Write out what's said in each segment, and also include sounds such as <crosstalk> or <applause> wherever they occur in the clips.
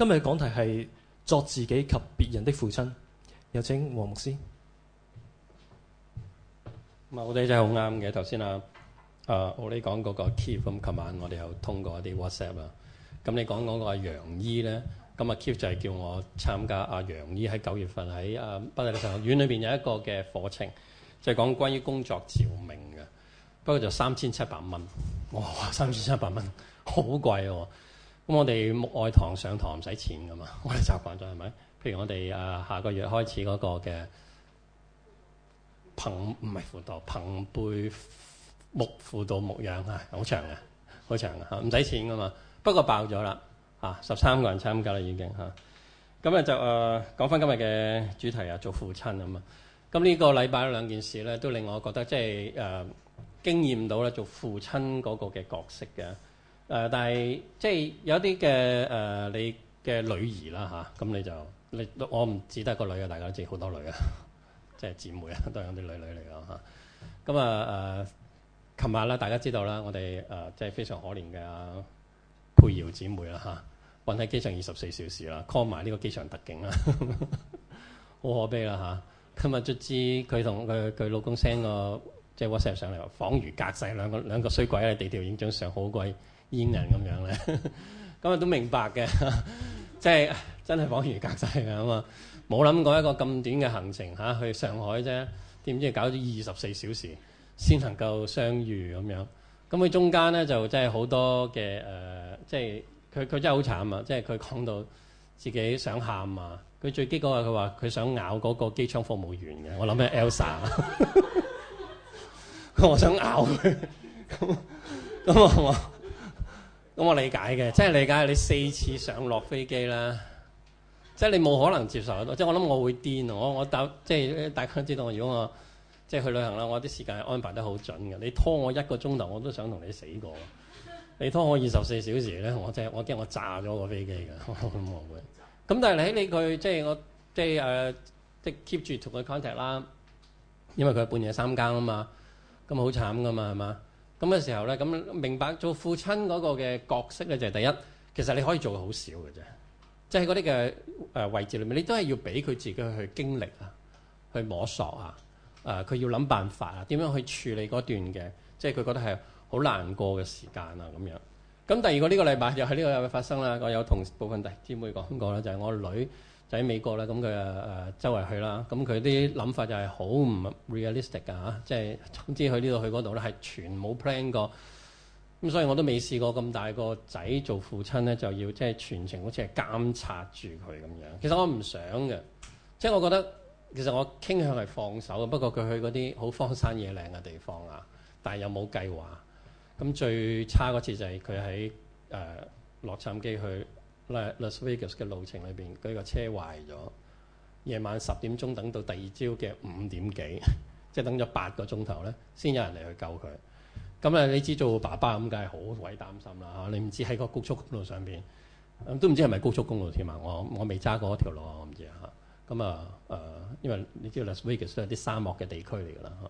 今日嘅講題係作自己及別人的父親，有請黃牧師。唔、嗯、我哋真係好啱嘅。頭先啊，啊，我哋講嗰個 key，咁琴晚我哋又通過一啲 WhatsApp 啦。咁你講嗰個阿、啊、楊姨咧，咁啊 key 就係叫我參加阿、啊、楊姨喺九月份喺啊北帝大學院裏邊有一個嘅課程，就係、是、講關於工作照明嘅。不過就三千七百蚊，哇、哦！三千七百蚊，好貴喎、啊。咁我哋牧愛堂上堂唔使錢噶嘛，我哋習慣咗係咪？譬如我哋誒下個月開始嗰個嘅朋，唔係輔導朋輩牧輔導牧養啊，好長啊，好長啊，唔使錢噶嘛。不過爆咗啦嚇，十三個人參加啦已經，咁就誒、啊、講翻今日嘅主題啊，做父親啊嘛。咁呢個禮拜兩件事咧，都令我覺得即係誒、啊、經驗到咧做父親嗰個嘅角色嘅。誒、呃，但係即係有啲嘅誒，你嘅女兒啦吓，咁、啊、你就你我唔只得一個女啊，大家都知好多女，是姐是女的啊，即係姊妹啊，都係啲女女嚟㗎吓，咁啊誒，琴日啦，大家知道啦，我哋誒、呃、即係非常可憐嘅佩瑤姊妹啦吓，困、啊、喺機場二十四小時啦，call 埋呢個機場特警啦，好、啊、可悲啦吓、啊，今日卒之佢同佢佢老公 send 個即係 WhatsApp 上嚟話，恍如隔世，兩個兩個衰鬼喺地圖影張相好鬼煙人咁樣咧，咁啊 <laughs> 都明白嘅，即係真係恍如隔世嘅啊！冇諗過一個咁短嘅行程吓，去上海啫，點知搞咗二十四小時先能夠相遇咁樣。咁佢中間咧就真係好多嘅誒、呃，即係佢佢真係好慘啊！即係佢講到自己想喊啊！佢最激嗰個佢話佢想咬嗰個機艙服務員嘅，我諗係 Elsa，我想咬佢咁咁啊！那那我咁我理解嘅，即係理解你四次上落飛機啦，即係你冇可能接受得到。即係我諗我會癲我我即係大家知道我，我如果我即係去旅行啦，我啲時間係安排得好準嘅。你拖我一個鐘頭，我都想同你死過；你拖我二十四小時咧，我即係我驚我炸咗個飛機嘅咁會。咁但係喺你佢即係我即係、uh, 即係 keep 住同佢 contact 啦，因為佢係半夜三更啊嘛，咁好慘噶嘛係嘛？咁嘅時候咧，咁明白做父親嗰個嘅角色咧，就係第一，其實你可以做嘅好少嘅啫，即係嗰啲嘅誒位置裏面，你都係要俾佢自己去經歷啊，去摸索啊，誒，佢要諗辦法啊，點樣去處理嗰段嘅，即係佢覺得係好難過嘅時間啊咁樣。咁第二個呢個禮拜又係呢個禮拜發生啦，我有同部分弟兄姊妹講過啦，就係我女。就喺美國啦，咁佢誒周圍去啦，咁佢啲諗法就係好唔 realistic 㗎嚇，即係總之去呢度去嗰度咧，係全冇 plan 過。咁所以我都未試過咁大個仔做父親咧，就要即係全程好似係監察住佢咁樣。其實我唔想嘅，即係我覺得其實我傾向係放手嘅。不過佢去嗰啲好荒山野嶺嘅地方啊，但係又冇計劃。咁最差嗰次就係佢喺誒洛杉磯去。喺 Las Vegas 嘅路程裏邊，佢個車壞咗。夜晚十點鐘等到第二朝嘅五點幾， <laughs> 即係等咗八個鐘頭咧，先有人嚟去救佢。咁、嗯、咧，你知做爸爸咁梗係好鬼擔心啦嚇。你唔知喺個高速公路上邊、嗯，都唔知係咪高速公路添嘛？我我未揸過嗰條路啊，我唔知嚇。咁、嗯、啊，誒、嗯嗯，因為你知道 Las Vegas 都係啲沙漠嘅地區嚟㗎啦嚇。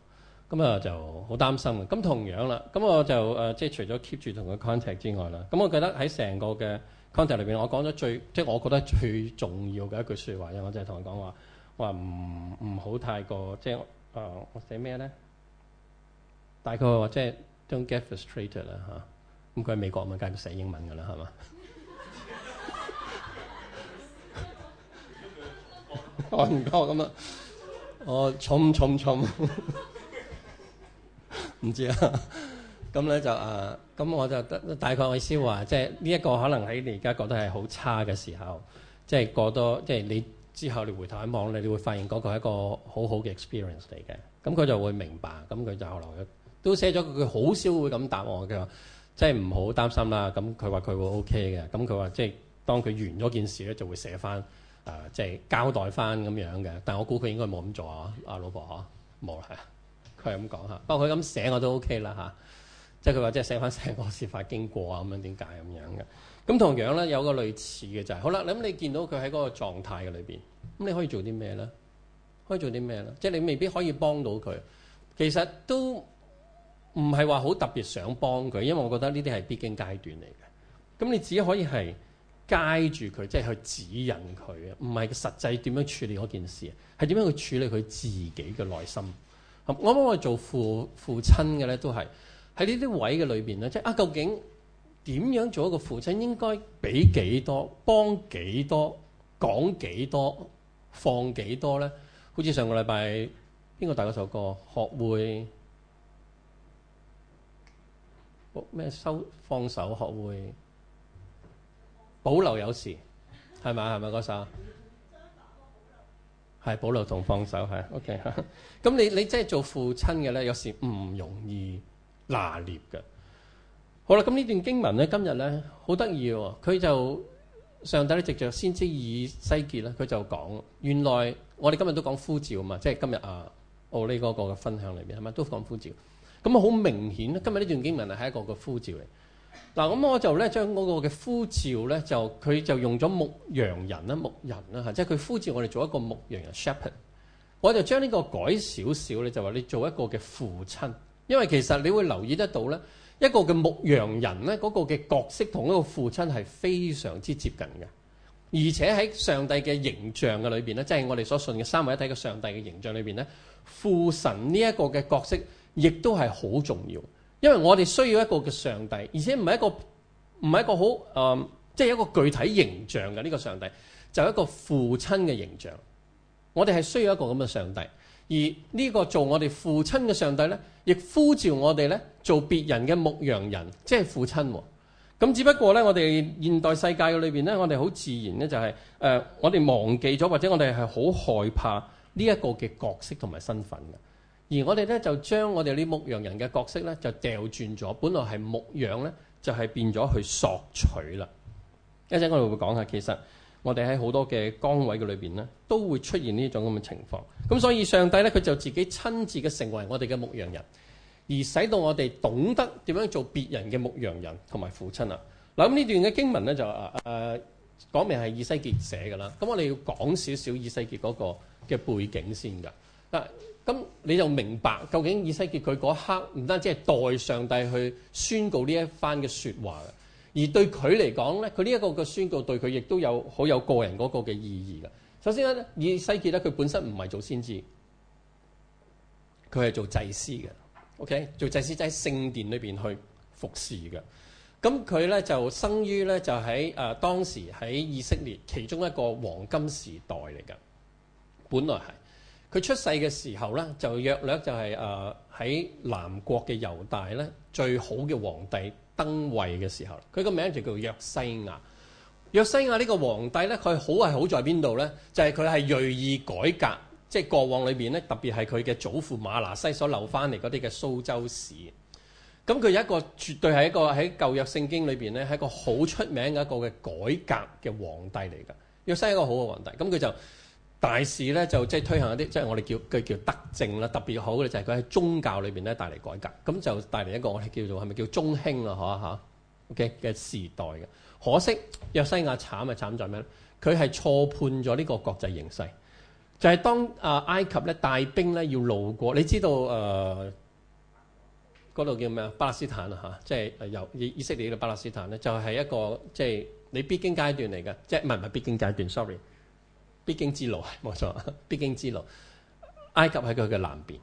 咁、嗯、啊、嗯，就好擔心。咁、嗯、同樣啦，咁、嗯、我就誒、呃、即係除咗 keep 住同佢 contact 之外啦。咁、嗯、我覺得喺成個嘅 content 裏邊，我講咗最，即係我覺得最重要嘅一句説話，我就係同佢講話，話唔唔好太過，即係誒、呃，我寫咩咧？大概話即係 don't get frustrated 啦、啊、嚇。咁佢喺美國咪繼續寫英文㗎啦，係嘛？ <laughs> <laughs> 我唔我咁啊！我重唔重？唔知啊！咁咧就誒，咁我就大概我意思話，即係呢一個可能喺你而家覺得係好差嘅時候，即係過多，即係你之後你回頭一望，你會發現嗰個係一個好好嘅 experience 嚟嘅。咁佢就會明白，咁佢就後來都寫咗，佢好少會咁答我嘅，即係唔好擔心啦。咁佢話佢會 OK 嘅，咁佢話即係當佢完咗件事咧、呃，就會寫翻即係交代翻咁樣嘅。但我估佢應該冇咁做啊，阿老婆呵，冇係啊，佢係咁講嚇。不過佢咁寫我都 OK 啦嚇。即係佢話，即係寫翻成個事發經過啊，咁樣點解咁樣嘅？咁同樣咧，有個類似嘅就係、是，好啦，咁你見到佢喺嗰個狀態嘅裏面，咁你可以做啲咩咧？可以做啲咩咧？即、就、係、是、你未必可以幫到佢，其實都唔係話好特別想幫佢，因為我覺得呢啲係必經階段嚟嘅。咁你只可以係街住佢，即、就、係、是、去指引佢，唔係實際點樣處理嗰件事，係點樣去處理佢自己嘅內心。我幫我做父父親嘅咧，都係。喺呢啲位嘅裏邊咧，即係啊，究竟點樣做一個父親應該俾幾多、幫幾多、講幾多、放幾多咧？好似上個禮拜邊個帶嗰首歌《學會咩收放手》？學會保留有時係咪？係咪嗰首？係 <noise> 保留同放手係 OK。 <laughs> 咁你你即係做父親嘅咧，有時唔容易。拿捏嘅，好啦，咁呢段經文咧，今日咧好得意喎，佢就上帝咧藉着先知以西結咧，佢就講，原來我哋今日都講呼召啊嘛，即係今日啊，澳呢嗰個嘅分享裏邊係咪都講呼召？咁啊好明顯，今日呢段經文係一個個呼召嚟。嗱，咁我就咧將我個嘅呼召咧就佢就用咗牧羊人啦、牧人啦、啊、吓，即係佢呼召我哋做一個牧羊人 Shepherd，我就將呢個改少少咧，就話你做一個嘅父親。因為其實你會留意得到呢一個嘅牧羊人呢嗰個嘅角色，同一個父親係非常之接近嘅。而且喺上帝嘅形象嘅裏邊咧，即係我哋所信嘅三位一體嘅上帝嘅形象裏邊呢、就是、父神呢一個嘅角色，亦都係好重要。因為我哋需要一個嘅上帝，而且唔係一個唔係一個好誒，即、呃、係、就是、一個具體形象嘅呢、呢個上帝，就係、一個父親嘅形象。我哋係需要一個咁嘅上帝。而呢個做我哋父親嘅上帝呢，亦呼召我哋呢做別人嘅牧羊人，即係父親、哦。咁只不過呢，我哋現代世界嘅裏邊呢，我哋好自然呢，就係、是、誒、呃，我哋忘記咗，或者我哋係好害怕呢一個嘅角色同埋身份嘅。而我哋呢，就將我哋啲牧羊人嘅角色呢，就掉轉咗，本來係牧羊呢，就係、是、變咗去索取啦。一陣我哋會講下其實。我哋喺好多嘅崗位嘅裏面咧，都會出現呢種咁嘅情況。咁所以，上帝咧佢就自己親自嘅成為我哋嘅牧羊人，而使到我哋懂得點樣做別人嘅牧羊人同埋父親。嗱，咁呢段嘅經文咧就啊、啊、講明係以西結寫㗎啦。咁我哋要講少少以西結嗰個嘅背景先㗎。嗱，咁你就明白究竟以西結佢嗰刻唔單止係代上帝去宣告呢一番嘅說話嘅。而對佢嚟講咧，佢呢一個嘅宣告對佢亦都有好有個人嗰個嘅意義嘅。首先咧，以西結咧，佢本身唔係做先知，佢係做祭司嘅。OK，做祭司就喺聖殿裏邊去服侍嘅。咁佢咧就生於咧就喺誒、啊、當時喺以色列其中一個黃金時代嚟嘅，本來係。佢出世嘅時候咧，就約略就係誒喺南國嘅猶大咧最好嘅皇帝登位嘅時候。佢個名就叫約西亞。約西亞呢個皇帝咧，佢好係好在邊度咧？就係佢係鋭意改革，即係過往裏邊咧，特別係佢嘅祖父馬拿西所留翻嚟嗰啲嘅蘇州屎。咁佢有一個絕對係一個喺舊約聖經裏邊咧係一個好出名嘅一個嘅改革嘅皇帝嚟㗎。約西亞係一個好嘅皇帝，咁佢就。大事咧就即係推行一啲即係我哋叫佢叫德政啦，特別好嘅就係佢喺宗教裏面咧帶嚟改革，咁就帶嚟一個我哋叫做係咪叫中興啊嚇嚇，OK 嘅時代嘅。可惜約西亞慘啊慘在咩咧？佢係錯判咗呢個國際形勢。就係、是、當啊埃及咧帶兵咧要路過，你知道嗰度、呃、叫咩啊巴勒斯坦啊嚇，即、就、係、是、由以色列到巴勒斯坦咧就係一個即係、就是、你必經階段嚟嘅，即係唔係唔係必經階段，sorry。必經之路，冇錯，必經之路。埃及喺佢嘅南邊，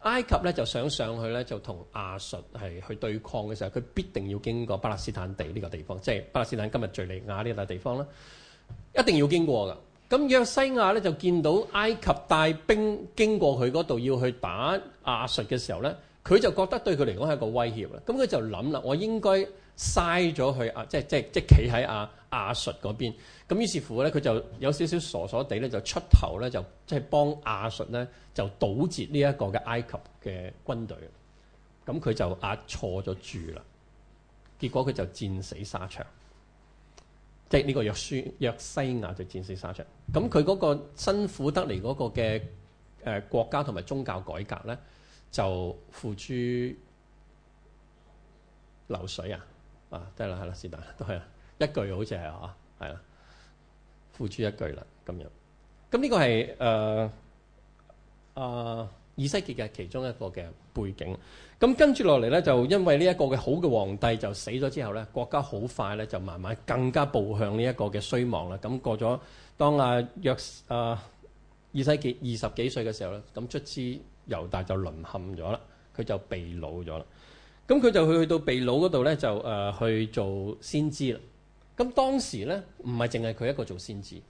埃及咧就想上去咧，就同亞述係去對抗嘅時候，佢必定要經過巴勒斯坦地呢個地方，即係巴勒斯坦今日敍利亞呢個地方啦，一定要經過㗎。咁約西亞咧就見到埃及帶兵經過佢嗰度，要去打亞述嘅時候咧，佢就覺得對佢嚟講係一個威脅啦。咁佢就諗啦，我應該。嘥咗去啊！即係即係即係企喺阿阿術嗰邊，咁於是乎咧，佢就有少少傻傻地咧，就出頭咧，就即係、就是、幫阿術咧，就堵截呢一個嘅埃及嘅軍隊。咁佢就押錯咗注啦，結果佢就戰死沙場。即係呢個約書約西亞就戰死沙場。咁佢嗰個辛苦得嚟嗰個嘅誒國家同埋宗教改革咧，就付諸流水啊！啊，得啦，係啦，是但，都係啦，一句好似係嚇，係啦，付諸一句啦，咁樣。咁呢個係誒誒以西結嘅其中一個嘅背景。咁跟住落嚟咧，就因為呢一個嘅好嘅皇帝就死咗之後咧，國家好快咧就慢慢更加步向呢一個嘅衰亡啦。咁過咗當阿、啊、約阿、啊、以西結二十幾歲嘅時候咧，咁卒之猶大就淪陷咗啦，佢就被擄咗啦。咁佢就去去到秘魯嗰度咧，就、呃、去做先知啦。咁當時咧唔係淨係佢一個做先知，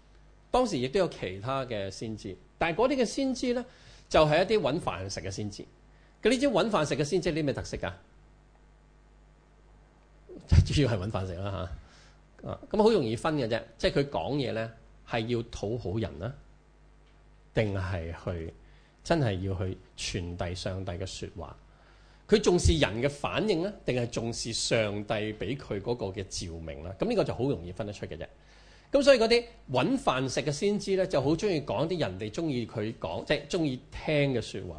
當時亦都有其他嘅先知。但係嗰啲嘅先知咧，就係、是、一啲揾飯食嘅先知。咁呢啲揾飯食嘅先知係啲咩特色呀？主要係揾飯食啦吓。咁好容易分嘅啫。即係佢講嘢咧，係要討好人啦、啊，定係去真係要去傳遞上帝嘅說話？佢重視人嘅反應咧，定係重視上帝俾佢嗰個嘅召命咧？咁呢個就好容易分得出嘅啫。咁所以嗰啲揾飯食嘅先知咧，就好中意講啲人哋中意佢講，即係中意聽嘅説話。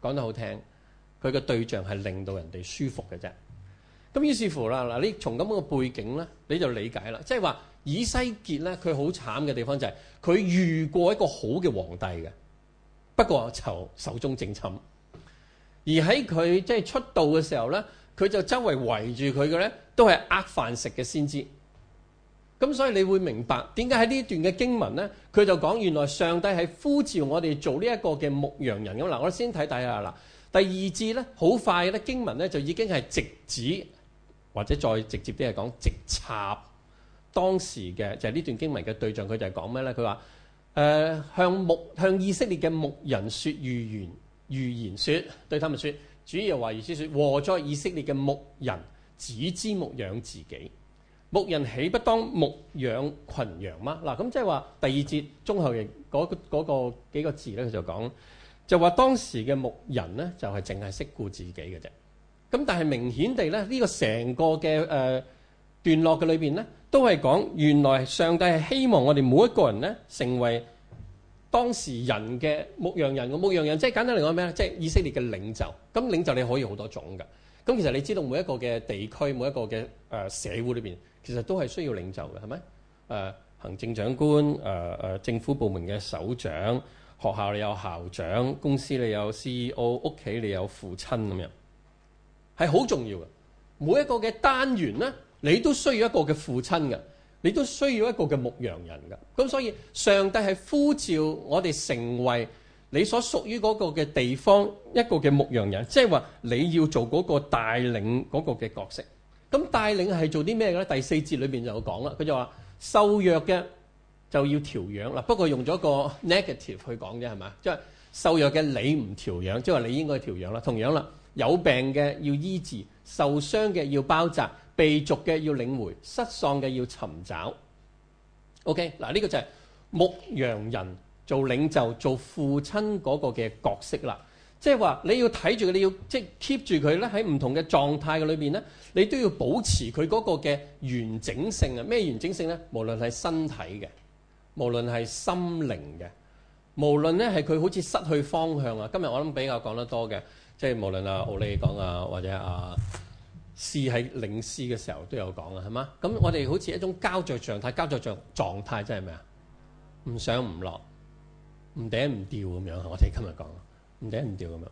講得好聽，佢嘅對象係令到人哋舒服嘅啫。咁於是乎啦，嗱，你從咁個背景咧，你就理解啦。即係話以西結咧，佢好慘嘅地方就係、是、佢遇過一個好嘅皇帝嘅，不過就壽終正寢。而喺佢即係出道嘅時候呢，佢就周圍圍住佢嘅呢，都係呃飯食嘅先知。咁所以你會明白點解喺呢一段嘅經文呢，佢就講原來上帝係呼召我哋做呢一個嘅牧羊人咁。嗱，我先睇睇下嗱，第二節呢，好快咧，經文呢，就已經係直指或者再直接啲係講直插當時嘅就係、是、呢段經文嘅對象，佢就係講咩呢？佢話誒，向牧向以色列嘅牧人説預言。預言說對他們說，主耶和華如此說，禍哉！以色列嘅牧人只知牧養自己，牧人豈不當牧養群羊嗎？嗱，咁即係話第二節中後嘅嗰嗰個幾個字咧，佢就講，就話當時嘅牧人咧，就係淨係識顧自己嘅啫。咁但係明顯地咧，呢、這個成個嘅誒、呃、段落嘅裏邊咧，都係講原來上帝係希望我哋每一個人咧成為。當時人嘅牧羊人，個牧羊人即係簡單嚟講咩咧？即係以色列嘅領袖。咁領袖你可以好多種㗎。咁其實你知道每一個嘅地區、每一個嘅誒、呃、社會裏邊，其實都係需要領袖嘅，係咪？誒、呃、行政長官、誒、呃、誒政府部門嘅首長，學校你有校長，公司你有 CEO，屋企你有父親咁樣，係好重要嘅。每一個嘅單元咧，你都需要一個嘅父親嘅。你都需要一個嘅牧羊人㗎，咁所以上帝係呼召我哋成為你所屬於嗰個嘅地方一個嘅牧羊人，即係話你要做嗰個帶領嗰個嘅角色。咁帶領係做啲咩嘅咧？第四節裏邊就有講啦，佢就話瘦弱嘅就要調養啦，不過用咗個 negative 去講嘅係嘛？即係瘦弱嘅你唔調養，即係話你應該調養啦。同樣啦，有病嘅要醫治，受傷嘅要包紮。被逐嘅要領回，失喪嘅要尋找。OK，嗱呢個就係牧羊人做領袖、做父親嗰個嘅角色啦。即係話你要睇住佢，你要，看着你要即係 keep 住佢咧，喺唔同嘅狀態嘅裏面咧，你都要保持佢嗰個嘅完整性啊。咩完整性咧？無論係身體嘅，無論係心靈嘅，無論咧係佢好似失去方向啊。今日我諗比較講得多嘅，即係無論啊奧利講啊或者啊。試喺領試嘅時候都有講啊，係嘛？咁我哋好似一種膠着狀態、膠着狀狀態，真係咩啊？唔上唔落，唔頂唔掉咁樣。我哋今日講，唔頂唔掉咁樣。誒、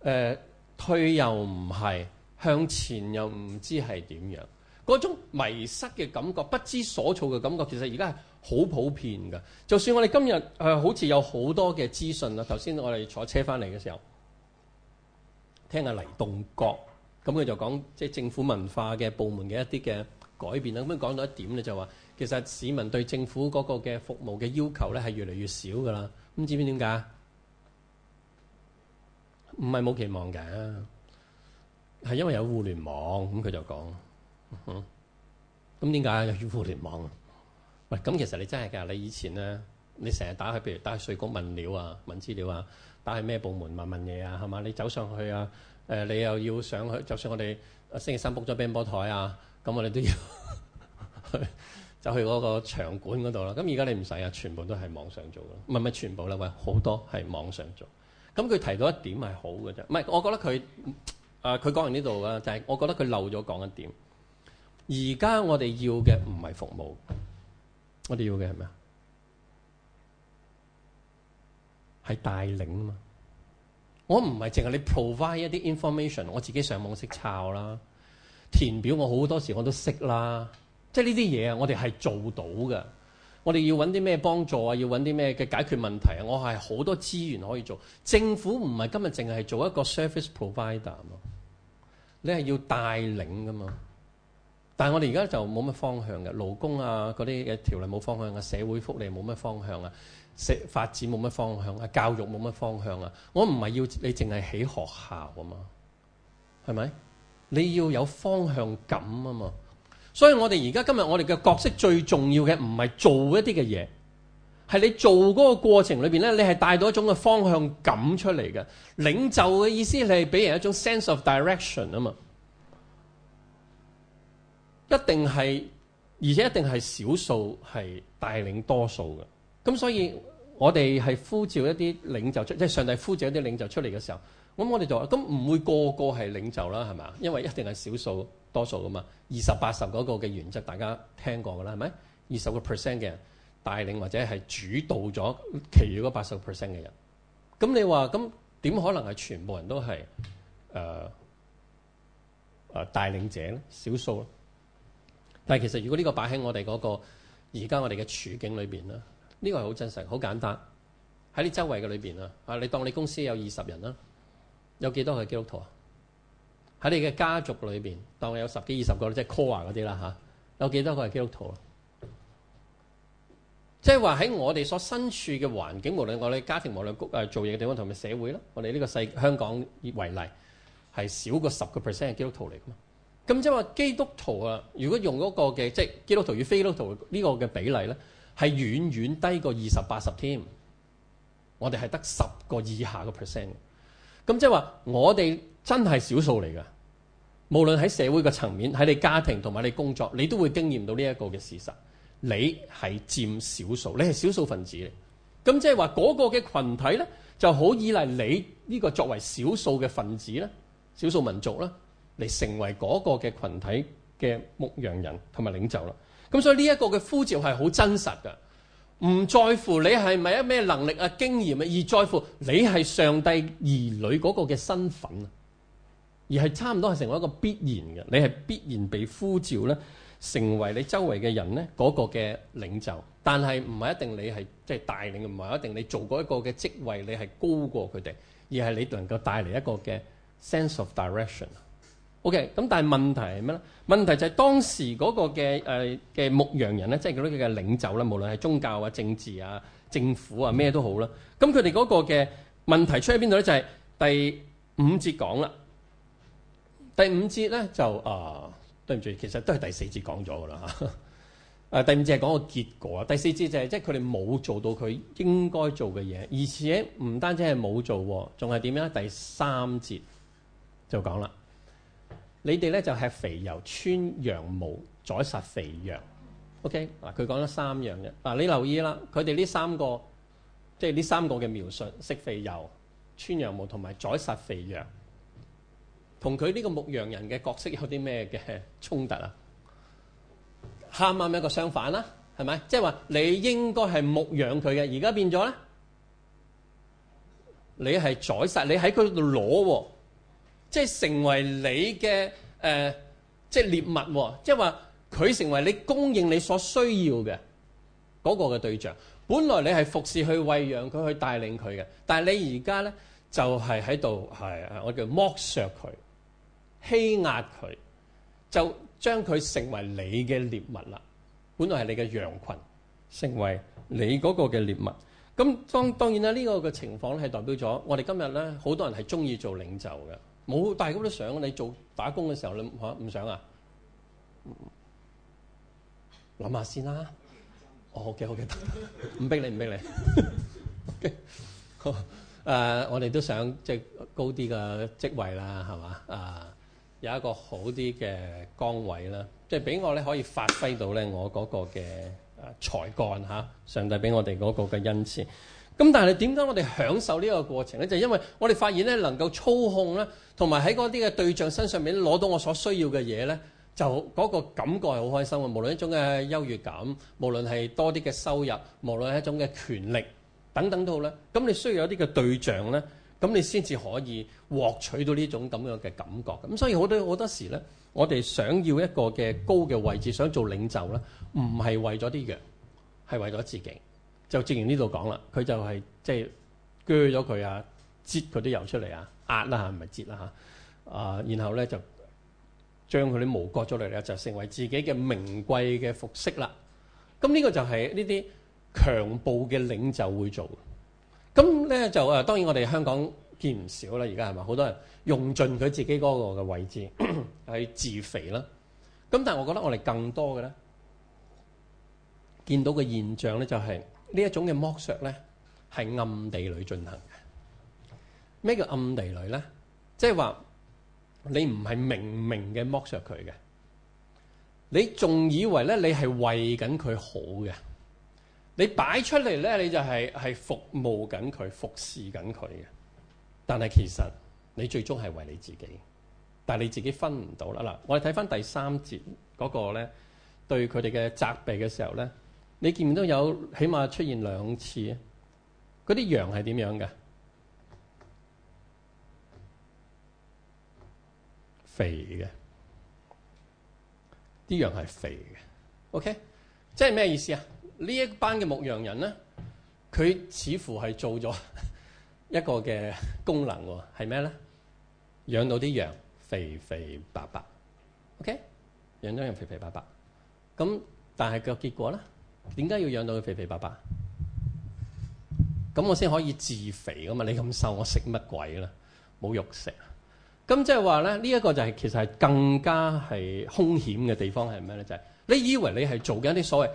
呃，退又唔係，向前又唔知係點樣。嗰種迷失嘅感覺、不知所措嘅感覺，其實而家係好普遍噶。就算我哋今日誒、呃，好似有好多嘅資訊啦。頭先我哋坐車翻嚟嘅時候，聽下黎棟國。咁佢就講，即係政府文化嘅部門嘅一啲嘅改變啦。咁佢講到一點咧，就話其實市民對政府嗰個嘅服務嘅要求咧係越嚟越少㗎啦。咁知唔知點解？唔係冇期望嘅，係因為有互聯網。咁佢就講，哼、嗯。咁點解要互聯網？喂，咁其實你真係㗎，你以前咧，你成日打去，譬如打去稅局問料啊、問資料啊，打去咩部門問問嘢啊，係嘛？你走上去啊。呃、你又要上去？就算我哋星期三 book 咗乒乓台啊，咁我哋都要去就去嗰個場館嗰度啦。咁而家你唔使啊，全部都係網上做咯。唔係唔係全部啦，喂，好多係網上做。咁佢提到一點係好嘅啫。唔係，我覺得佢佢、呃、講完呢度啊，就係、是、我覺得佢漏咗講一點。而家我哋要嘅唔係服務，我哋要嘅係咩啊？係帶領啊嘛。我唔係淨係你 provide 一啲 information，我自己上網識抄啦，填表我好多時我都識啦，即係呢啲嘢啊，我哋係做到㗎。我哋要揾啲咩幫助啊？要揾啲咩嘅解決問題啊？我係好多資源可以做。政府唔係今日淨係做一個 service provider 咯，你係要帶領㗎嘛。但係我哋而家就冇乜方向嘅勞工啊嗰啲嘅條例冇方向啊，社會福利冇乜方向啊。食發展冇乜方向啊，教育冇乜方向啊，我唔係要你淨係喺學校啊嘛，係咪？你要有方向感啊嘛，所以我哋而家今日我哋嘅角色最重要嘅唔係做一啲嘅嘢，係你做嗰個過程裏邊呢，你係帶到一種嘅方向感出嚟嘅，領袖嘅意思你係俾人一種 sense of direction 啊嘛，一定係而且一定係少數係帶領多數嘅。咁所以我哋係呼召一啲領袖出，即係上帝呼召一啲領袖出嚟嘅時候，咁我哋就話，咁唔會個個係領袖啦，係嘛？因為一定係少數、多數噶嘛。二十八十嗰個嘅原則，大家聽過噶啦，係咪？二十個 percent 嘅人帶領或者係主導咗，其餘嗰八十個 percent 嘅人。咁你話咁點可能係全部人都係誒誒帶領者咧？少數咯。但係其實如果呢個擺喺我哋嗰個而家我哋嘅處境裏邊咧。呢個係好真實，好簡單。喺你周圍嘅裏邊啊，啊，你當你公司有二十人啦，有幾多個係基督徒啊？喺你嘅家族裏邊，當你有十幾二十個，即係 Cohar 嗰啲啦吓，有幾多個係基督徒啊？即係話喺我哋所身處嘅環境，無論我哋家庭，無論誒做嘢嘅地方，同埋社會啦，我哋呢個世香港為例，係少過十個 percent 係基督徒嚟噶嘛。咁即係話基督徒啊，如果用嗰個嘅即係基督徒與非基督徒呢個嘅比例咧？係遠遠低過二十八十添，我哋係得十個以下嘅 percent，咁即係話我哋真係少數嚟噶。無論喺社會嘅層面，喺你家庭同埋你工作，你都會經驗到呢一個嘅事實。你係佔少數，你係少數分子。咁即係話嗰個嘅群體呢，就好依賴你呢個作為少數嘅分子呢，少數民族咧，嚟成為嗰個嘅群體嘅牧羊人同埋領袖啦。咁所以呢一個嘅呼召係好真實㗎，唔在乎你係咪有咩能力啊、經驗啊，而在乎你係上帝兒女嗰個嘅身份啊，而係差唔多係成為一個必然嘅，你係必然被呼召咧，成為你周圍嘅人咧嗰個嘅領袖。但係唔係一定你係即係帶領，唔係一定你做過一個嘅職位，你係高過佢哋，而係你能夠帶嚟一個嘅 sense of direction。OK，咁但係問題係咩咧？問題就係當時嗰個嘅嘅、呃、牧羊人咧，即係嗰啲嘅領袖啦，無論係宗教啊、政治啊、政府啊咩都好啦。咁佢哋嗰個嘅問題出喺邊度咧？就係、是、第五節講啦。第五節咧就啊，對唔住，其實都係第四節講咗噶啦嚇。誒，第五節係講個結果，第四節就係即係佢哋冇做到佢應該做嘅嘢，而且唔單止係冇做，仲係點樣呢？第三節就講啦。你哋咧就食肥油、穿羊毛、宰殺肥羊，OK？嗱，佢講咗三樣嘅。嗱，你留意啦，佢哋呢三個，即係呢三個嘅描述：食肥油、穿羊毛同埋宰殺肥羊，同佢呢個牧羊人嘅角色有啲咩嘅衝突啊？啱啱一個相反啦、啊，係咪？即係話你應該係牧羊佢嘅，而家變咗咧，你係宰殺，你喺佢度攞喎。即係成為你嘅誒、呃，即係獵物喎、哦。即係話佢成為你供應你所需要嘅嗰個嘅對象。本來你係服侍去餵養佢，去帶領佢嘅，但係你而家咧就係喺度係我叫剝削佢、欺壓佢，就將佢成為你嘅獵物啦。本來係你嘅羊群，成為你嗰個嘅獵物。咁當、嗯、當然啦，呢、呢個嘅情況咧係代表咗我哋今日咧好多人係中意做領袖嘅。冇，但係都想。你做打工嘅時候，你嚇唔想啊？諗下先啦。OK，OK，得唔逼你？唔逼你。 <laughs> okay. 呃、我哋都想即係、就是、高啲嘅職位啦，係嘛啊？有一個好啲嘅崗位啦，即係俾我咧可以發揮到咧我嗰個嘅才幹嚇、啊。上帝俾我哋嗰個嘅恩賜咁，但係點解我哋享受呢個過程咧？就是、因為我哋發現咧能夠操控咧。同埋喺嗰啲嘅對象身上面攞到我所需要嘅嘢呢，就嗰個感覺係好開心嘅。無論一種嘅優越感，無論係多啲嘅收入，無論係一種嘅權力等等都好咧，咁你需要有啲嘅對象呢，咁你先至可以獲取到呢種咁樣嘅感覺。咁所以好多好多時呢，我哋想要一個嘅高嘅位置，想做領袖呢，唔係為咗啲羊，係為咗自己。就正如呢度講啦，佢就係即係鋸咗佢啊，擠佢啲油出嚟啊。壓啦嚇，唔係折啦嚇。啊，然後咧就將佢啲毛割咗嚟咧，就成為自己嘅名貴嘅服飾啦。咁、嗯、呢、這個就係呢啲強暴嘅領袖會做。咁、嗯、咧、嗯、就誒、呃，當然我哋香港見唔少啦。而家係咪好多人用盡佢自己嗰個嘅位置去 <coughs> 自肥啦。咁、嗯、但係我覺得我哋更多嘅咧，見到嘅現象咧就係、是、呢一種嘅剝削咧，係暗地裏進行。咩叫暗地裏咧？即係話你唔係明明嘅剝削佢嘅，你仲以為咧你係為緊佢好嘅，你擺出嚟咧你就係、係、係服務緊佢、服侍緊佢嘅。但係其實你最終係為你自己，但係你自己分唔到啦。嗱，我哋睇翻第三節嗰個咧對佢哋嘅責備嘅時候咧，你見唔見到有起碼出現兩次？嗰啲羊係點樣嘅？肥嘅，啲羊係肥嘅，OK，即係咩意思啊？呢一班嘅牧羊人咧，佢似乎係做咗一個嘅功能喎、哦，係咩咧？養到啲羊肥肥白白，OK，養到羊肥肥白白，咁但係個結果咧，點解要養到佢肥肥白白？咁我先可以自肥噶嘛？你咁瘦，我食乜鬼啦？冇肉食。咁即係話咧，呢一、這個就係、是、其實係更加係兇險嘅地方係咩咧？就係、是、你以為你係做緊一啲所謂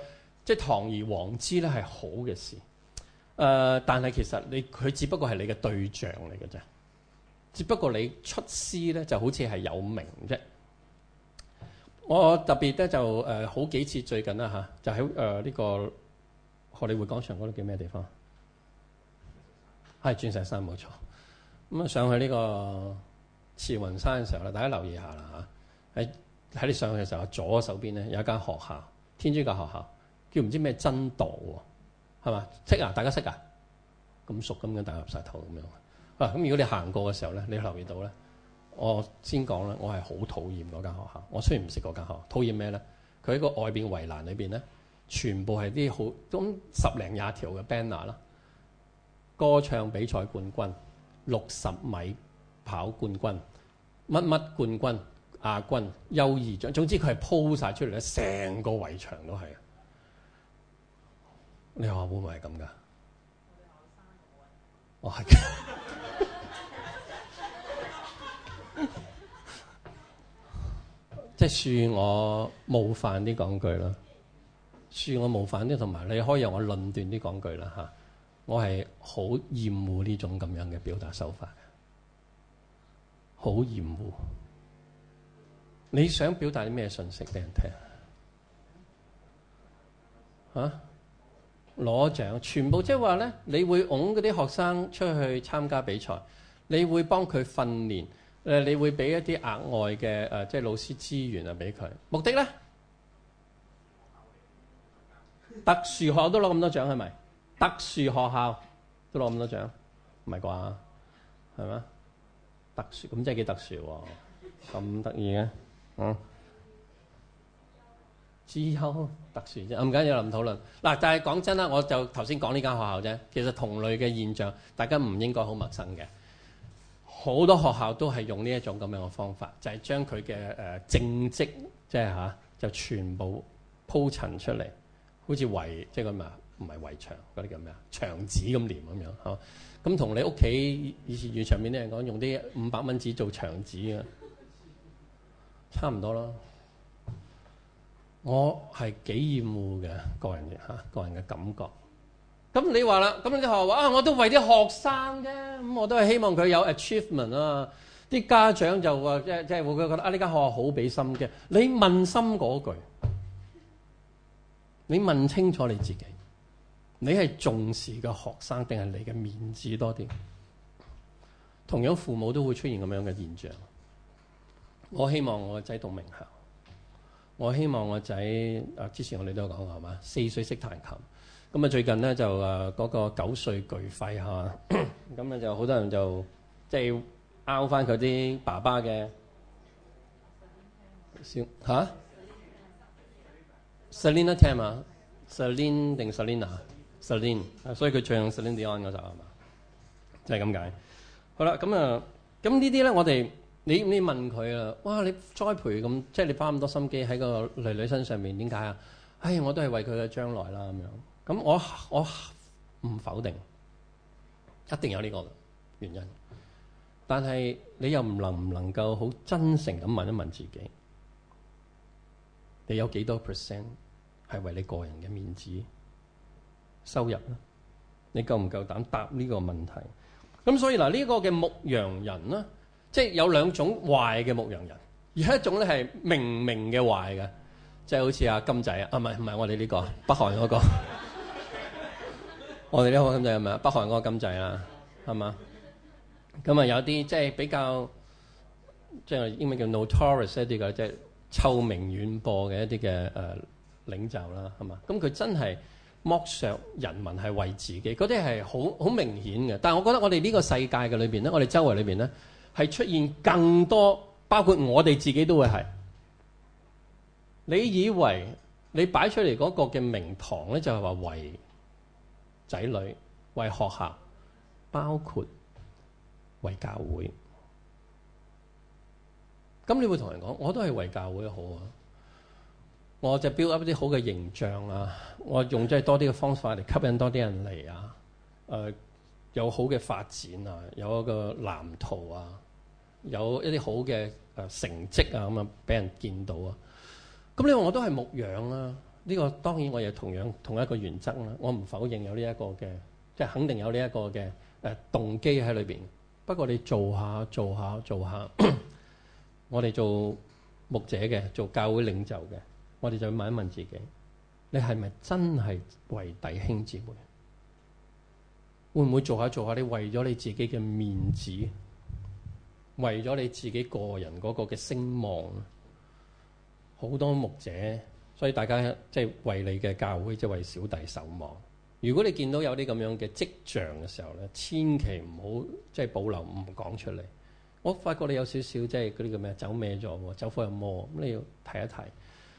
即係、就是、堂而皇之咧係好嘅事，呃、但係其實你佢只不過係你嘅對象嚟嘅啫，只不過你出師咧就好似係有名啫。我特別咧就、呃、好幾次最近啦嚇，啊，就喺呢、呃這個荷里活廣場嗰度叫咩地方？係鑽石山冇錯。咁啊上去呢、這個。慈雲山嘅時候咧，大家留意下啦嚇，喺喺你上去嘅時候，左手邊咧有一間學校，天主教學校，叫唔知咩真道喎、啊，係嘛？識啊，大家識㗎、啊？咁熟咁嘅大家入晒頭咁樣。啊，咁如果你行過嘅時候咧，你留意到咧，我先講啦，我係好討厭嗰間學校。我雖然唔識嗰間學校，討厭咩咧？佢喺個外邊圍欄裏邊咧，全部係啲好咁十零廿條嘅 banner 啦，歌唱比賽冠軍，六十米跑冠軍，乜乜冠軍、亞軍、優異獎，總之佢係鋪晒出嚟咧，成個圍牆都係。你話會唔會係咁噶？我係、嗯哦、即係恕我冒犯啲講句啦，恕我冒犯啲同埋，你可以由我論斷啲講句啦嚇、啊。我係好厭惡呢種咁樣嘅表達手法。好嫌惡！你想表達啲咩信息俾人聽啊？攞獎全部即係話咧，你會擁嗰啲學生出去參加比賽，你會幫佢訓練，誒，你會俾一啲額外嘅誒，即係老師資源啊，俾佢。目的咧？特殊學校都攞咁多獎係咪？特殊學校都攞咁多獎，唔係啩？係嘛？特殊咁即係幾特殊喎、啊，咁得意嘅，嗯？之後特殊啫、啊，唔緊要，唔討論。嗱，但係講真啦，我就頭先講呢間學校啫。其實同類嘅現象，大家唔應該好陌生嘅。好多學校都係用呢一種咁樣嘅方法，就係、是、將佢嘅誒正職，即係吓，就全部鋪陳出嚟，好似圍，即係佢咪唔係圍牆嗰啲叫咩啊？牆紙咁黏咁樣，嚇、嗯。咁同你屋企以前住場面啲人講，用啲五百蚊紙做牆紙啊，差唔多咯。我係幾厭惡嘅個人嘅嚇，啊、個人嘅感覺。咁你話啦，咁你學校話啊，我都為啲學生啫，咁我都係希望佢有 achievement 啊。啲家長就話即係即係會佢覺得啊，呢間學校好俾心嘅。你問心嗰句，你問清楚你自己。你係重視個學生定係你嘅面子多啲？同樣父母都會出現咁樣嘅現象。我希望我個仔讀名校，我希望我仔啊，之前我哋都有講過係嘛，四歲識彈琴，咁啊最近咧就嗰、嗰個九歲巨廢嚇，咁啊就好多人就即係拗翻佢啲爸爸嘅。Selina 聽嘛？Selin 定 Selina？啊，Celine, 所以佢唱 Celine Dion 嗰首係嘛，就係咁解。好啦，咁啊，咁呢啲咧，我哋你你問佢啊，哇！你栽培咁，即係你花咁多心機喺個女女身上面，點解啊？唉、哎，我都係為佢嘅將來啦咁樣。咁我我唔否定，一定有呢個原因。但係你又唔能唔能夠好真誠咁問一問自己，你有幾多 percent 係為你個人嘅面子？收入啦，你夠唔夠膽答呢個問題？咁所以嗱，呢個嘅牧羊人啦，即係有兩種壞嘅牧羊人，而一種咧係明明嘅壞嘅，即係好似阿金仔啊，啊唔係唔係我哋呢個 <laughs> 北韓嗰個， <laughs> 我哋呢個金仔係咪啊？北韓嗰個金仔啦，係嘛？咁啊 <laughs> 有啲即係比較即係英文叫 notorious 一啲嘅，即係臭名遠播嘅一啲嘅誒領袖啦，係嘛？咁佢真係，剝削人民係為自己，嗰啲係好好明顯嘅。但係我覺得我哋呢個世界嘅裏邊咧，我哋周圍裏邊咧，係出現更多，包括我哋自己都會係。你以為你擺出嚟嗰個嘅名堂咧，就係話為仔女、為學校、包括為教會。咁你會同人講，我都係為教會好啊。我就 build up 啲好嘅形象啊！我用真係多啲嘅方法嚟吸引多啲人嚟啊！誒、呃、有好嘅發展啊，有一個藍圖啊，有一啲好嘅誒成績啊咁啊，俾人見到啊！咁你話我都係牧養啦、啊，呢、這個當然我有同樣同一個原則啦、啊。我唔否認有呢一個嘅，即、就、係、是、肯定有呢一個嘅誒動機喺裏邊。不過你做下做下做下，做下做下 <coughs> 我哋做牧者嘅，做教會領袖嘅。我哋就問一問自己：你係咪真係為弟兄姊妹？會唔會做下做下？你為咗你自己嘅面子，為咗你自己個人嗰個嘅聲望，好多牧者。所以大家即係為你嘅教會，即係為小弟守望。如果你見到有啲咁樣嘅跡象嘅時候咧，千祈唔好即係保留，唔講出嚟。我發覺你有少少即係嗰啲叫咩走咩咗，走火入魔咁，你要睇一睇。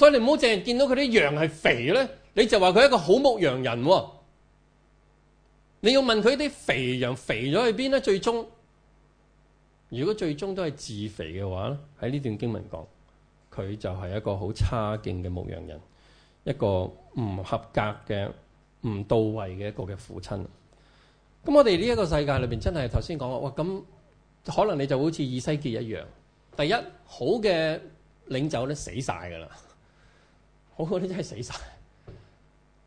所以你唔好淨係見到佢啲羊係肥咧，你就話佢係一個好牧羊人。你要問佢啲肥羊肥咗去邊咧？最終如果最終都係自肥嘅話咧，喺呢段經文講，佢就係一個好差勁嘅牧羊人，一個唔合格嘅、唔到位嘅一個嘅父親。咁我哋呢一個世界裏邊真係頭先講話，喂！咁可能你就好似以西結一樣，第一好嘅領袖咧死晒噶啦。我覺得真係死晒，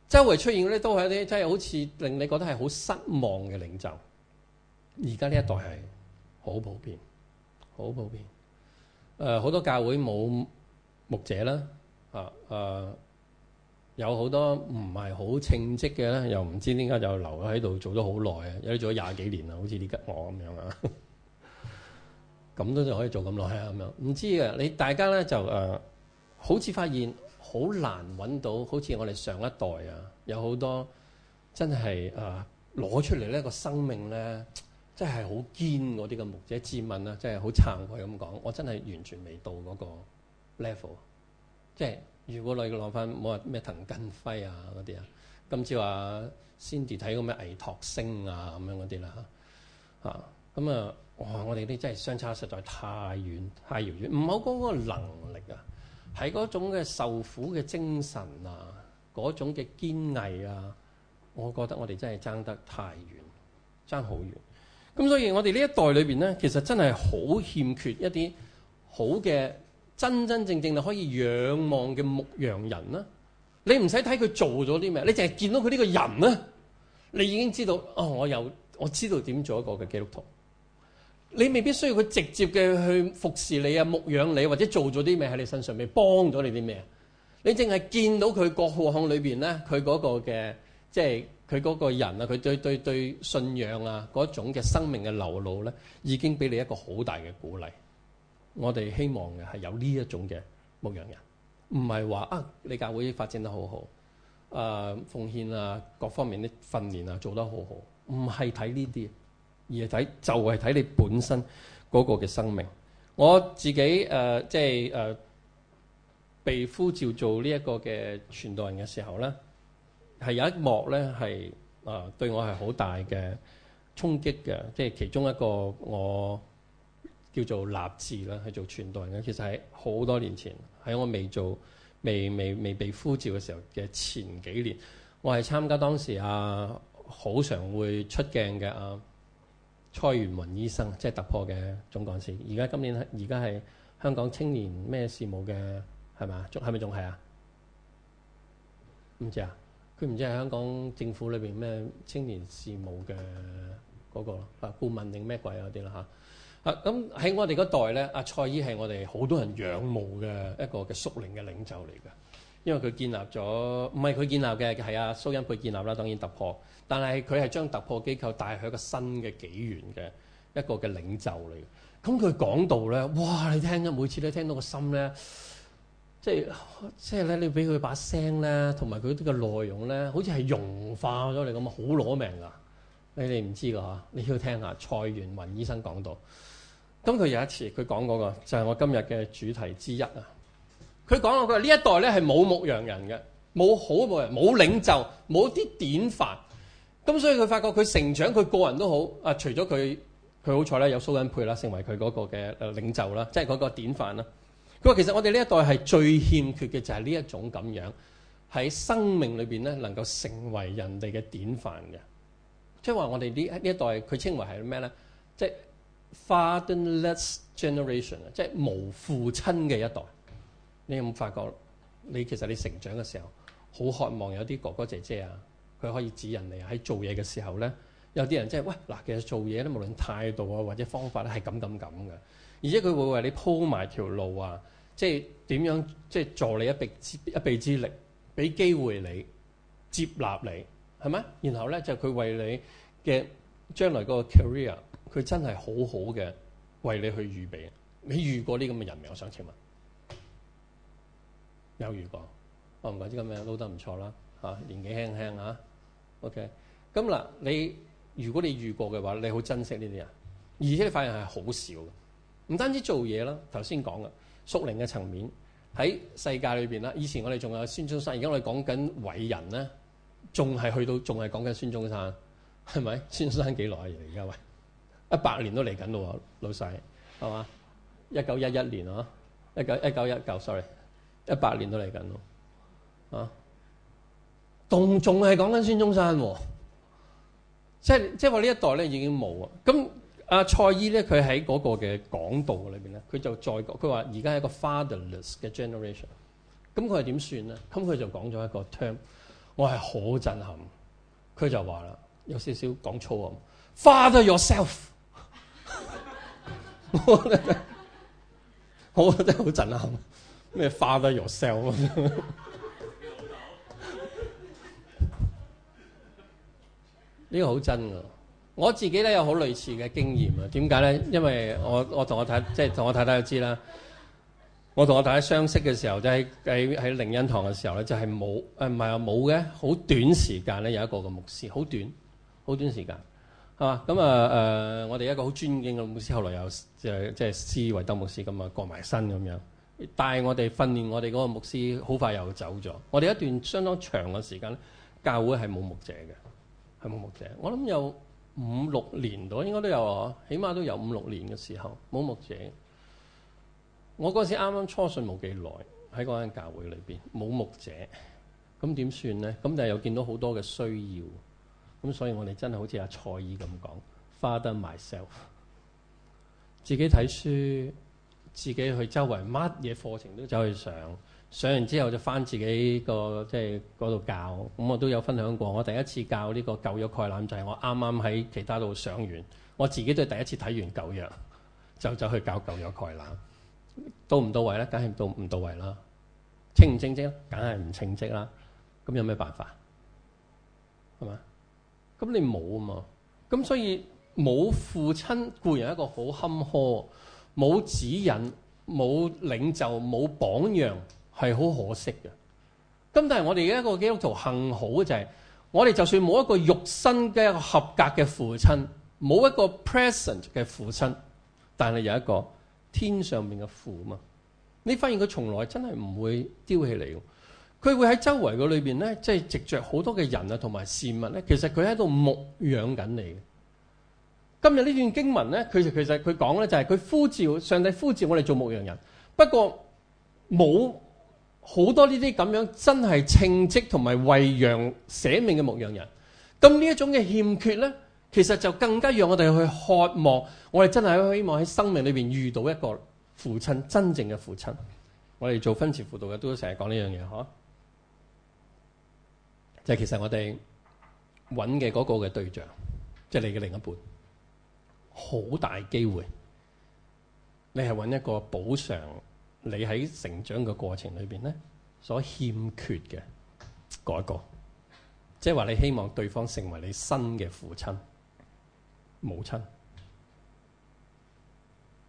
周圍出現嗰啲都係一啲真係好似令你覺得係好失望嘅領袖。而家呢一代係好普遍，好普遍。誒、呃，好多教會冇牧者啦，啊誒，有好多唔係好稱職嘅咧，又唔知點解就留咗喺度做咗好耐啊，有啲做咗廿幾年啦，好似你吉我咁樣啊。咁都就可以做咁耐啊，咁樣唔知啊？你大家咧就誒、呃，好似發現。好難揾到，好似我哋上一代啊，有好多真係啊攞出嚟呢個生命咧，真係好堅嗰啲嘅牧者自問啊，真係好慚愧，咁講，我真係完全未到嗰個 level 啊。即係如果你哋攞返冇話咩滕近輝啊嗰啲啊，今次話先至睇個咩艾托星啊咁樣嗰啲啦嚇嚇，咁啊，啊，啊哇！我哋啲真係相差實在太遠太遙遠。唔好講嗰個能力啊！睇嗰種嘅受苦嘅精神啊，嗰種嘅堅毅啊，我覺得我哋真係爭得太遠，爭好遠。咁所以，我哋呢一代裏邊咧，其實真係好欠缺一啲好嘅真真正正嘅可以仰望嘅牧羊人啦、啊。你唔使睇佢做咗啲咩，你淨係見到佢呢個人啊，你已經知道哦，我有我知道點做一個嘅基督徒。你未必需要佢直接嘅去服侍你啊、牧養你，或者做咗啲咩喺你身上面，幫咗你啲咩？你淨係見到佢個各項裏邊咧，佢嗰個嘅即係佢嗰個人啊，佢對對對信仰啊嗰種嘅生命嘅流露咧，已經俾你一個好大嘅鼓勵。我哋希望嘅係有呢一種嘅牧養人，唔係話啊你教會發展得好好，誒、呃、奉獻啊各方面啲訓練啊做得好好，唔係睇呢啲。而睇就係、是、睇你本身嗰個嘅生命。我自己誒、呃，即係誒、呃、被呼召做呢一個嘅傳道人嘅時候咧，係有一幕咧係啊，對我係好大嘅衝擊嘅，即係其中一個我叫做立志啦，係做傳道人嘅。其實喺好多年前，喺我未做未未未被呼召嘅時候嘅前幾年，我係參加當時啊好常會出鏡嘅啊。蔡元雲醫生即係突破嘅總幹事，而家今年而家係香港青年咩事務嘅係咪？仲係咪仲係啊？唔知啊，佢唔知係香港政府裏邊咩青年事務嘅嗰個啊顧問定咩鬼嗰啲啦嚇啊！咁喺我哋嗰代咧，阿蔡姨係我哋好多人仰慕嘅一個嘅屬靈嘅領袖嚟㗎。因為佢建立咗，唔係佢建立嘅，係阿、啊、蘇恩佩建立啦。當然突破，但係佢係將突破機構帶去一個新嘅紀元嘅一個嘅領袖嚟。咁佢講道咧，哇！你聽啊，每次都聽到個心咧，即係即係咧，你俾佢把聲咧，同埋佢啲嘅內容咧，好似係融化咗你咁啊，好攞命㗎！你哋唔知㗎吓，你要聽下蔡元雲醫生講道。咁佢有一次佢講嗰個就係、是、我今日嘅主題之一啊。佢講話佢話呢一代咧係冇牧羊人嘅，冇好牧人，冇領袖，冇啲典範。咁所以佢發覺佢成長，佢個人都好。啊，除咗佢，佢好彩咧有蘇恩佩啦，成為佢嗰個嘅領袖啦，即係嗰個典範啦。佢話其實我哋呢一代係最欠缺嘅就係呢一種咁樣喺生命裏邊咧能夠成為人哋嘅典範嘅。即係話我哋呢呢一代佢稱為係咩咧？即係 fatherless generation 啊，即係無父親嘅一代。他稱為是什麼呢就是你有冇發覺，你其實你成長嘅時候，好渴望有啲哥哥姐姐啊，佢可以指引你喺做嘢嘅時候咧，有啲人即係喂，嗱，其實做嘢咧，無論態度啊或者方法咧，係咁咁咁嘅，而且佢會為你鋪埋條路啊，即係點樣即係助你一臂一臂之力，俾機會你接納你係咪？然後咧就佢為你嘅將來個 career，佢真係好好嘅為你去預備。你遇過呢咁嘅人未？我想請問。有遇過，我、哦、唔怪知咁樣撈得唔錯啦嚇。年紀輕輕啊，OK。咁嗱，你如果你遇過嘅話，你好珍惜呢啲人，而且你發現係好少。唔單止做嘢啦，頭先講嘅屬靈嘅層面喺世界裏邊啦。以前我哋仲有孫中山，而家我哋講緊偉人咧，仲係去到仲係講緊孫中山，係咪？孫中山幾耐？而家喂一百年都嚟緊咯喎，老細係嘛？一九一一年啊，一九一九，sorry。一百年都嚟緊咯，啊，動仲仲係講緊孫中山喎、啊，即即話呢一代咧已經冇啊。咁阿蔡依咧，佢喺嗰個嘅講道裏邊咧，佢就再講，佢話而家係一個 fatherless 嘅 generation。咁佢係點算咧？咁佢就講咗一個 term，我係好震撼。佢就話啦，有少少講粗啊，father yourself。我 <laughs> <laughs> <laughs> 真係好震撼。咩花得又 sell？呢個好真㗎！我自己咧有好類似嘅經驗啊！點解咧？因為我我同我，、即係、我太太，即係同我太太都知啦。我同我太太相識嘅時候，就喺喺喺靈恩堂嘅時候咧，就係冇誒唔係冇嘅，好短時間咧有一個嘅牧師，好短，好短時間係嘛。咁啊誒，我哋一個好尊敬嘅牧師，後來又即係即係斯維德牧師咁啊，過埋身咁樣。帶我哋訓練我哋嗰個牧師，好快又走咗。我哋一段相當長嘅時間咧，教會係冇牧者嘅，係冇牧者。我諗有五六年到，應該都有啊，起碼都有五六年嘅時候冇牧者。我嗰時啱啱初信冇幾耐，喺嗰間教會裏面冇牧者，咁點算咧？咁但係又見到好多嘅需要，咁所以我哋真係好似阿蔡依咁講，father myself，自己睇書。自己去周圍乜嘢課程都走去上，上完之後就翻自己個即係嗰度教。咁我都有分享過，我第一次教呢個舊約概覽就係、是、我啱啱喺其他度上完，我自己都係第一次睇完舊約，就走去教舊約概覽，到唔到位咧？梗係到唔到位啦。稱唔稱職咧？梗係唔稱職啦。咁有咩辦法？係嘛？咁你冇啊嘛？咁所以冇父親固然係一個好坎坷。冇指引、冇領袖、冇榜樣，係好可惜嘅。咁但係我哋一個基督徒幸好就係、係，我哋就算冇一個肉身嘅一個合格嘅父親，冇一個 present 嘅父親，但係有一個天上面嘅父啊嘛。你發現佢從來真係唔會丟棄你。佢會喺周圍嗰裏面咧，即係藉著好多嘅人啊同埋事物咧，其實佢喺度牧養緊你嘅。今日呢段經文咧，佢其實佢講咧就係佢呼召，上帝呼召我哋做牧羊人，不過冇好多呢啲咁樣真係稱職同埋為羊捨命嘅牧羊人。咁呢一種嘅欠缺咧，其實就更加讓我哋去渴望，我哋真係希望喺生命裏邊遇到一個父親，真正嘅父親。我哋做婚前輔導嘅都成日講呢樣嘢，嗬？就係其實我哋揾嘅嗰個嘅對象，即係你嘅另一半。好大機會，你係揾一個補償你喺成長嘅過程裏邊咧所欠缺嘅嗰一個，即係話你希望對方成為你新嘅父親、母親。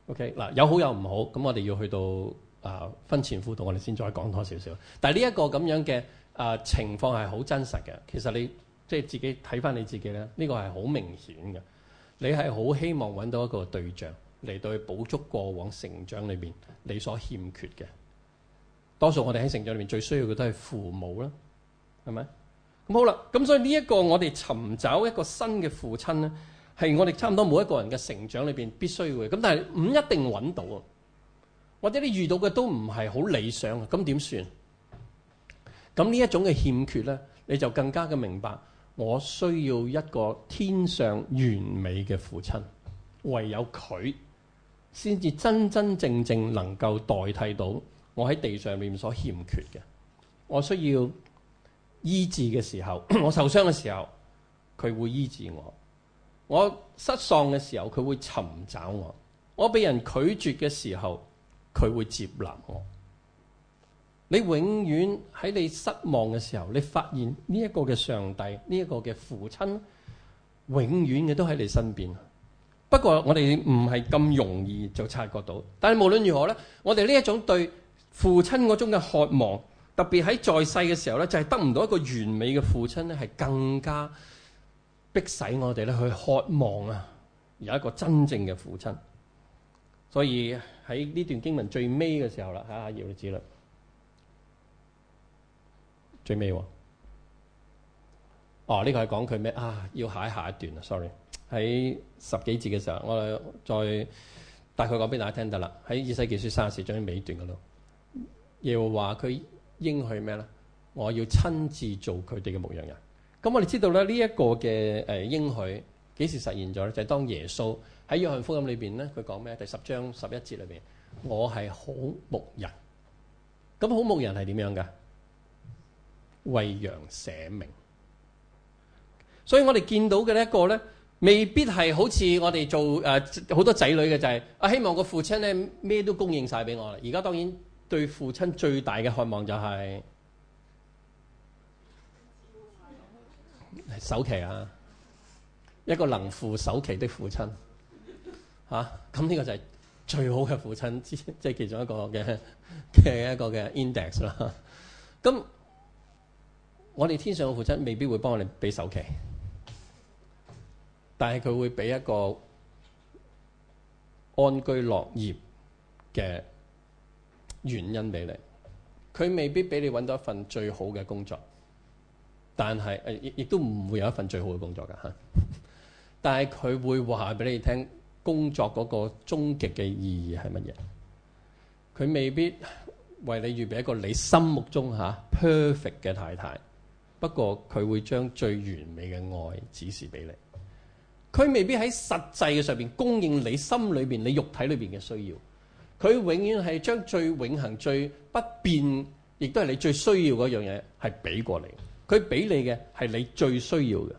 OK 嗱，有好有唔好，咁我哋要去到啊婚前輔導，我哋先再講多少少。但係呢一個咁樣嘅啊情況係好真實嘅。其實你即係、就是、自己睇返你自己咧，呢、呢個係好明顯嘅。你係好希望揾到一個對象嚟到去補足過往成長裏邊你所欠缺嘅，多數我哋喺成長裏面最需要嘅都係父母啦，係咪？咁好啦，咁所以呢一個我哋尋找一個新嘅父親咧，係我哋差唔多每一個人嘅成長裏邊必須要嘅。咁，但係唔一定揾到啊，或者你遇到嘅都唔係好理想啊，咁點算？咁呢一種嘅欠缺咧，你就更加嘅明白。我需要一個天上完美嘅父親，唯有佢先至真真正正能夠代替到我喺地上面所欠缺嘅。我需要醫治嘅時候，我受傷嘅時候，佢會醫治我；我失喪嘅時候，佢會尋找我；我被人拒絕嘅時候，佢會接納我。你永遠喺你失望嘅時候，你發現呢一個嘅上帝，呢、這、一個嘅父親，永遠嘅都喺你身邊。不過我哋唔係咁容易就察覺到。但係無論如何咧，我哋呢一種對父親嗰種嘅渴望，特別喺在，在世嘅時候咧，就係、是、得唔到一個完美嘅父親咧，係更加逼使我哋咧去渴望啊有一個真正嘅父親。所以喺呢段經文最尾嘅時候啦，吓、啊，兒子女。最尾喎，哦呢、這個係講佢咩啊？要下一下一段啦，sorry，喺十幾節嘅時候，我再大概講俾大家聽得啦。喺《以西結書》三十四章尾段嗰度，又話佢應許咩咧？我要親自做佢哋嘅牧羊人。咁我哋知道咧，呢一個嘅誒應許幾時實現咗咧？就係、是、當耶穌喺約翰福音裏邊咧，佢講咩？第十章十一節裏邊，我係好牧人。咁好牧人係點樣噶？為羊捨命，所以我哋見到嘅呢一個咧，未必係好似我哋做誒好多仔女嘅就係啊，希望個父親咧咩都供應晒俾我啦。而家當然對父親最大嘅渴望就係首期啊，一個能付首期的父親啊，咁呢個就係最好嘅父親，即係其中一個嘅嘅一個嘅 index 啦、啊，咁。我哋天上嘅父親未必會幫我哋俾首期，但係佢會俾一個安居樂業嘅原因俾你。佢未必俾你揾到一份最好嘅工作，但係亦亦都唔會有一份最好嘅工作嘅吓。但係佢會話俾你聽，工作嗰個終極嘅意義係乜嘢？佢未必為你預備一個你心目中吓 perfect 嘅太太。不過佢會將最完美嘅愛指示俾你，佢未必喺實際嘅上面供應你心裏邊、你肉體裏邊嘅需要。佢永遠係將最永恒、最不變，亦都係你最需要嗰樣嘢，係俾過你。佢俾你嘅係你最需要嘅，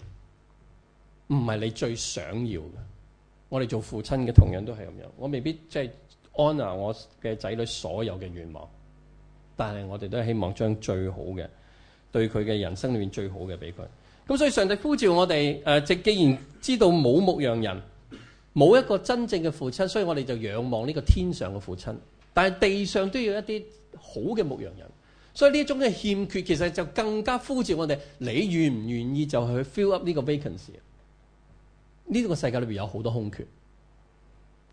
唔係你最想要嘅。我哋做父親嘅同樣都係咁樣，我未必即係 honor 我嘅仔女所有嘅願望，但係我哋都係希望將最好嘅。對佢嘅人生裏面最好嘅俾佢，咁所以上帝呼召我哋誒，即、呃、既然知道冇牧羊人，冇一個真正嘅父親，所以我哋就仰望呢個天上嘅父親。但係地上都要一啲好嘅牧羊人，所以呢一種嘅欠缺，其實就更加呼召我哋，你願唔願意就去 fill up 呢個 vacancy？呢、呢個世界裏面有好多空缺，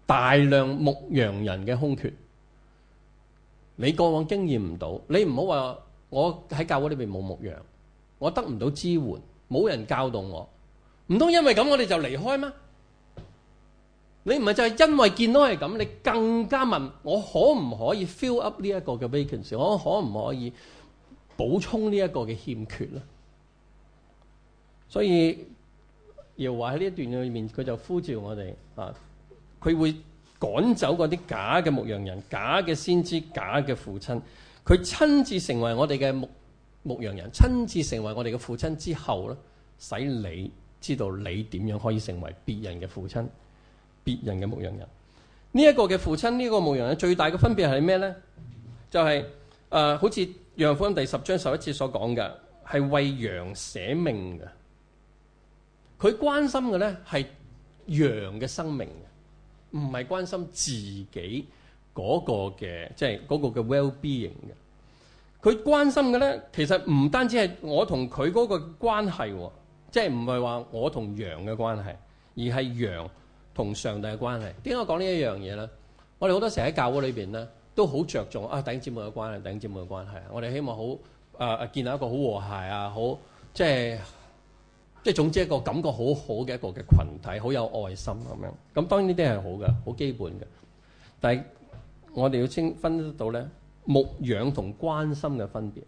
大量牧羊人嘅空缺，你過往經驗唔到，你唔好話。我喺教會裏邊冇牧羊，我得唔到支援，冇人教導我，唔通因為咁我哋就離開咩？你唔係就係因為見到係咁，你更加問我可唔可以 fill up 呢一個嘅 vacancy，我可唔可以補充呢一個嘅欠缺咧？所以耶和華喺呢一段裏面，佢就呼召我哋啊，佢會趕走嗰啲假嘅牧羊人、假嘅先知、假嘅父親。佢親自成為我哋嘅牧牧羊人，親自成為我哋嘅父親之後咧，使你知道你點樣可以成為別人嘅父親，別人嘅牧羊人。呢一個嘅父親，呢個牧羊人最大嘅分別係咩呢？就係誒，好似《約翰福音》第十章十一節所講嘅，係為羊捨命嘅。佢關心嘅呢係羊嘅生命，唔係關心自己。嗰個嘅即係嗰、嗰個嘅 well-being 嘅，佢關心嘅咧，其實唔單止係我同佢嗰個關係、哦，即係唔係話我同羊嘅關係，而係羊同上帝嘅關係。點解我講呢一樣嘢咧？我哋好多時喺教會裏面咧，都好着重啊，弟兄姊妹嘅關係，弟兄姊妹嘅關係。我哋希望好誒、呃、建立一個好和諧啊，好即係即係總之一個感覺好好嘅一個嘅群體，好有愛心咁樣。咁當然呢啲係好嘅，好基本嘅，但係我哋要清分得到咧，牧養同關心嘅分別。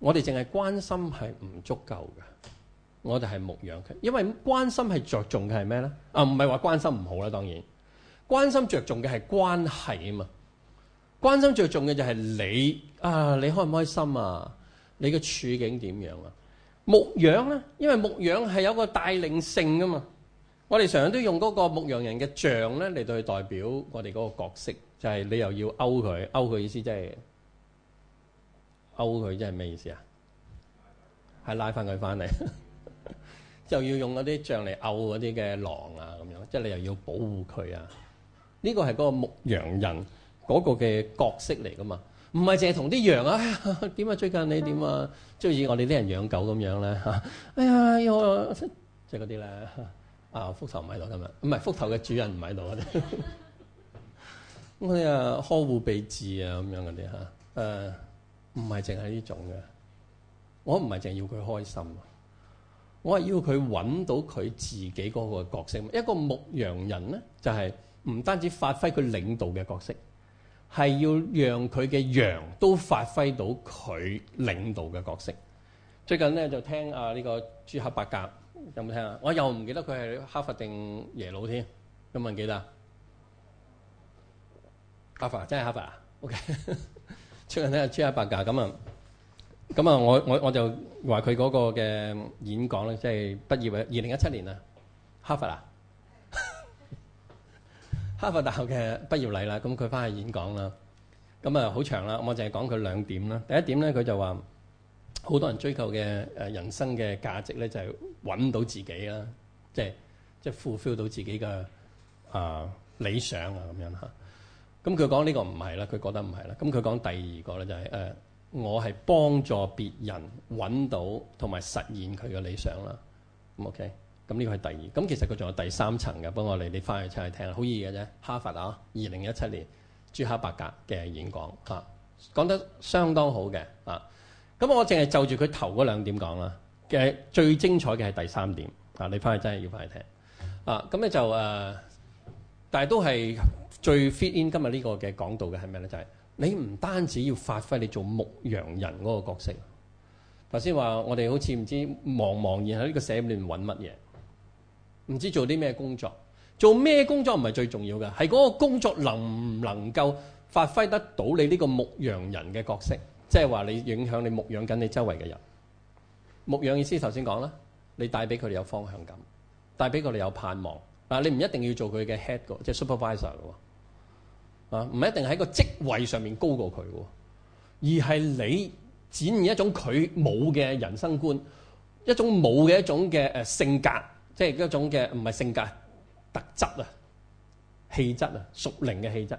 我哋淨係關心係唔足夠嘅，我哋係牧養嘅。因為關心係着重嘅係咩咧？啊，唔係話關心唔好啦，當然關心着重嘅係關係啊嘛。關心着重嘅就係你啊，你開唔開心啊？你嘅處境點樣啊？牧養咧，因為牧養係有個帶領性噶嘛。我哋成日都用嗰個牧羊人嘅杖咧嚟對佢代表我哋嗰個角色，就係、是、你又要勾佢，勾佢意思即、就、係、是、勾佢，即係咩意思啊？係拉返佢返嚟， <laughs> 就要用嗰啲杖嚟勾嗰啲嘅狼啊，咁樣即係你又要保護佢啊？呢、這個係個牧羊人嗰個嘅角色嚟㗎嘛？唔係淨係同啲羊啊？點、哎、啊？最近你點啊？即好似我哋啲人養狗咁樣咧嚇？哎呀，要即係嗰啲咧。就是那些啊！福頭唔喺度今日，唔係福頭嘅主人唔喺度嗰啲。咁啊， <laughs> 呵護備至啊，咁樣嗰啲嚇。誒、啊，唔係淨係呢種嘅，我唔係淨係要佢開心，我係要佢揾到佢自己嗰個角色。一個牧羊人咧，就係、是、唔單止發揮佢領導嘅角色，係要讓佢嘅羊都發揮到佢領導嘅角色。最近咧就聽啊呢、呢個朱克伯格。有冇聽啊？我又唔記得佢係哈佛定耶魯添。有冇人記得？哈佛，真係哈佛啊。OK， <laughs> 出緊啲 G 一百價咁啊，咁啊， <laughs> 我我我就話佢嗰個嘅演講咧，即係畢業嘅二零一七年啊。哈佛啊， <laughs> 哈佛大學嘅畢業禮啦，咁佢翻去演講啦。咁啊，好長啦，我淨係講佢兩點啦。第一點咧，佢就話。好多人追求嘅誒人生嘅價值咧，就係揾到自己啦，即、就、係、是、即係、就是、fulfil 到自己嘅啊理想這啊咁樣嚇。咁佢講呢個唔係啦，佢覺得唔係啦。咁佢講第二個咧、就是，就係誒我係幫助別人揾到同埋實現佢嘅理想啦。咁、啊、OK，咁呢個係第二。咁、啊、其實佢仲有第三層嘅，幫我你你翻去出去聽下，好易嘅啫。哈佛啊，二零一七年朱克伯格嘅演講嚇、啊，講得相當好嘅啊。咁我淨係就住佢頭嗰兩點講啦，嘅最精彩嘅係第三點，啊，你翻去真係要翻去聽啊，咁咧就誒、啊，但係都係最 fit in 今日呢個嘅講道嘅係咩咧？就係、是、你唔單止要發揮你做牧羊人嗰個角色，頭先話我哋好似唔知茫茫然喺呢個社會亂搵乜嘢，唔知做啲咩工作，做咩工作唔係最重要嘅，係嗰個工作能唔能夠發揮得到你呢個牧羊人嘅角色？即係話你影響你牧養緊你周圍嘅人，牧養意思頭先講啦，你帶俾佢哋有方向感，帶俾佢哋有盼望。嗱，你唔一定要做佢嘅 head 即係 supervisor 嘅喎，啊，唔一定喺個職位上面高過佢，而係你展現一種佢冇嘅人生觀，一種冇嘅一種嘅誒性格，即係一種嘅唔係性格，特質啊，氣質啊，屬靈嘅氣質。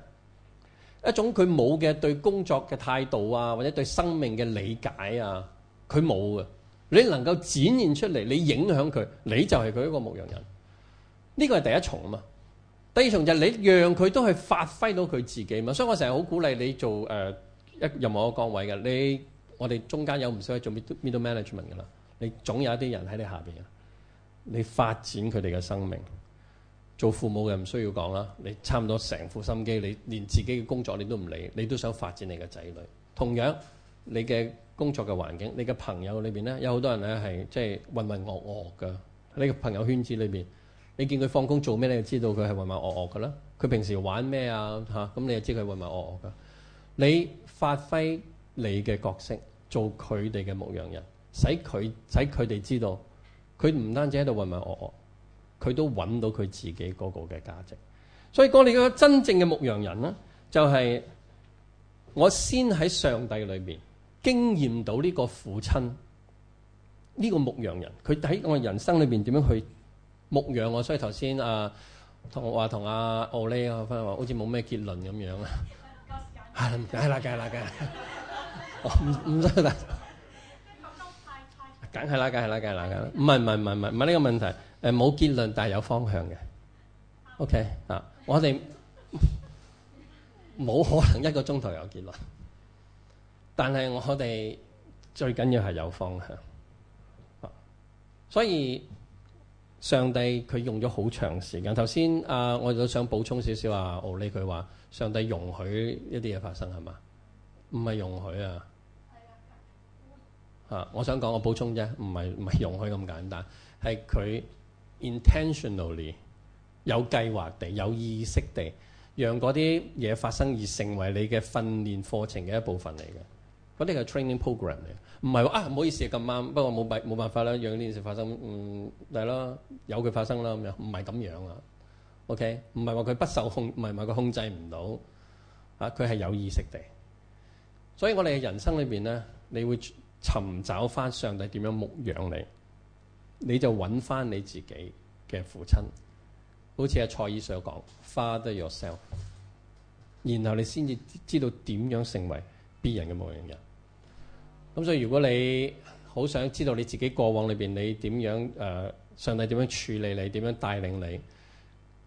一種佢冇嘅對工作嘅態度啊，或者對生命嘅理解啊，佢冇嘅。你能夠展現出嚟，你影響佢，你就係佢一個牧羊人。呢個係第一重啊嘛。第二重就係你讓佢都係發揮到佢自己嘛。所以我成日好鼓勵你做、呃、一任何一個崗位嘅，你我哋中間有唔少係做 middle middle management 噶啦。你總有一啲人喺你下面啊，你發展佢哋嘅生命。做父母嘅唔需要講啦，你差唔多成副心機，你連自己嘅工作你都唔理，你都想發展你嘅仔女。同樣你嘅工作嘅環境，你嘅朋友裏邊呢，有好多人呢係即係混混噩噩噶。你嘅朋友圈子裏邊，你見佢放工做咩，你就知道佢係混混噩噩噶啦。佢平時玩咩啊？嚇，咁你就知佢混混噩噩噶。你發揮你嘅角色，做佢哋嘅牧羊人，使佢使佢哋知道，佢唔單止喺度混混噩噩。佢都揾到佢自己嗰個嘅價值，所以講，你個真正嘅牧羊人咧，就係我先喺上帝裏面經驗到呢個父親，呢個牧羊人，佢喺我人生裏面點樣去牧羊我？所以頭先啊，同我話同阿奧利啊，分話好似冇咩結論咁樣啊，梗係啦，梗係啦，梗係啦，唔唔得啦，梗係啦，梗係啦，梗係啦，唔係唔係唔係唔係呢個問題。誒，冇結論，但係有方向嘅。O.K. <laughs> 啊，我哋冇可能一個鐘頭有結論，但係我哋最緊要係有方向。啊，所以上帝佢用咗好長時間。頭先啊，我就想補充少少啊，奧呢句話上帝容許一啲嘢發生係嘛？唔係容許啊。啊，我想講我補充啫，唔係唔係容許咁簡單，係佢。intentionally 有計劃地有意識地讓嗰啲嘢發生而成為你嘅訓練課程嘅一部分嚟嘅，嗰啲係 training program 嚟嘅，唔係話啊唔好意思咁啱，不過冇冇辦法啦，讓呢件事發生，嗯係咯，由佢發生啦咁樣，唔係咁樣啊，OK，唔係話佢不受控，唔係唔係佢控制唔到啊，佢係有意識地，所以我哋嘅人生裏邊咧，你會尋找返上帝點樣牧養你。你就揾翻你自己嘅父親，好似阿蔡醫生所講，Father yourself，然後你先至知道點樣成為別人嘅模樣人。咁所以如果你好想知道你自己過往裏面你點樣、呃、上帝點樣處理你點樣帶領你，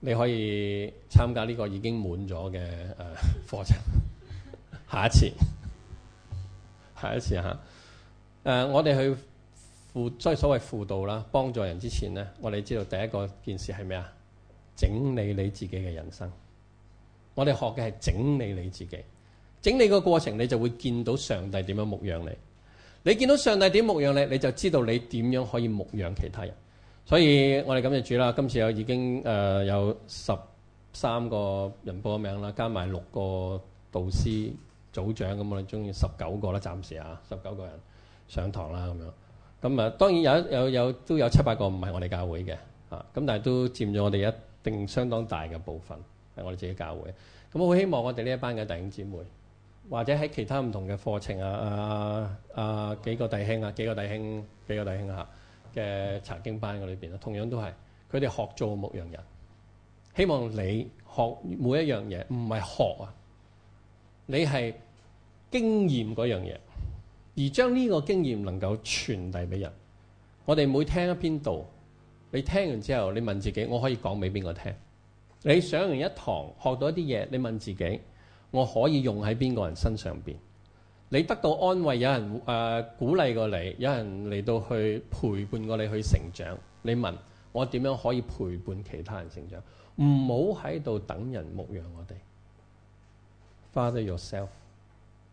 你可以參加呢個已經滿咗嘅、呃、課程， <laughs> 下一次，下一次、啊呃、我哋去。輔即係所謂輔導啦，幫助人之前呢，我哋知道第一個件事係咩啊？整理你自己嘅人生。我哋學嘅係整理你自己，整理個過程你就會見到上帝點樣牧養你。你見到上帝點牧養你，你就知道你點樣可以牧養其他人。所以我哋咁就主啦，今次有已經誒、呃、有十三個人報咗名啦，加埋六個導師組長咁，我哋中意十九個啦，暫時啊，十九個人上堂啦，咁樣。咁啊，當然有有有都有七八個唔係我哋教會嘅，嚇，咁但係都佔咗我哋一定相當大嘅部分係我哋自己教會嘅。咁我好希望我哋呢一班嘅弟兄姊妹，或者喺其他唔同嘅課程啊啊，啊幾個弟兄啊幾個弟兄幾個弟兄嚇嘅查經班嘅裏邊同樣都係佢哋學做牧羊人。希望你學每一樣嘢，唔係學啊，你係經驗嗰樣嘢。而將呢個經驗能夠傳遞俾人，我哋每聽一篇道，你聽完之後，你問自己，我可以講俾邊個聽？你上完一堂，學到一啲嘢，你問自己，我可以用喺邊個人身上邊？你得到安慰，有人誒、呃、鼓勵過你，有人嚟到去陪伴過你去成長，你問我點樣可以陪伴其他人成長？唔好喺度等人牧養我哋。Father yourself. <noise>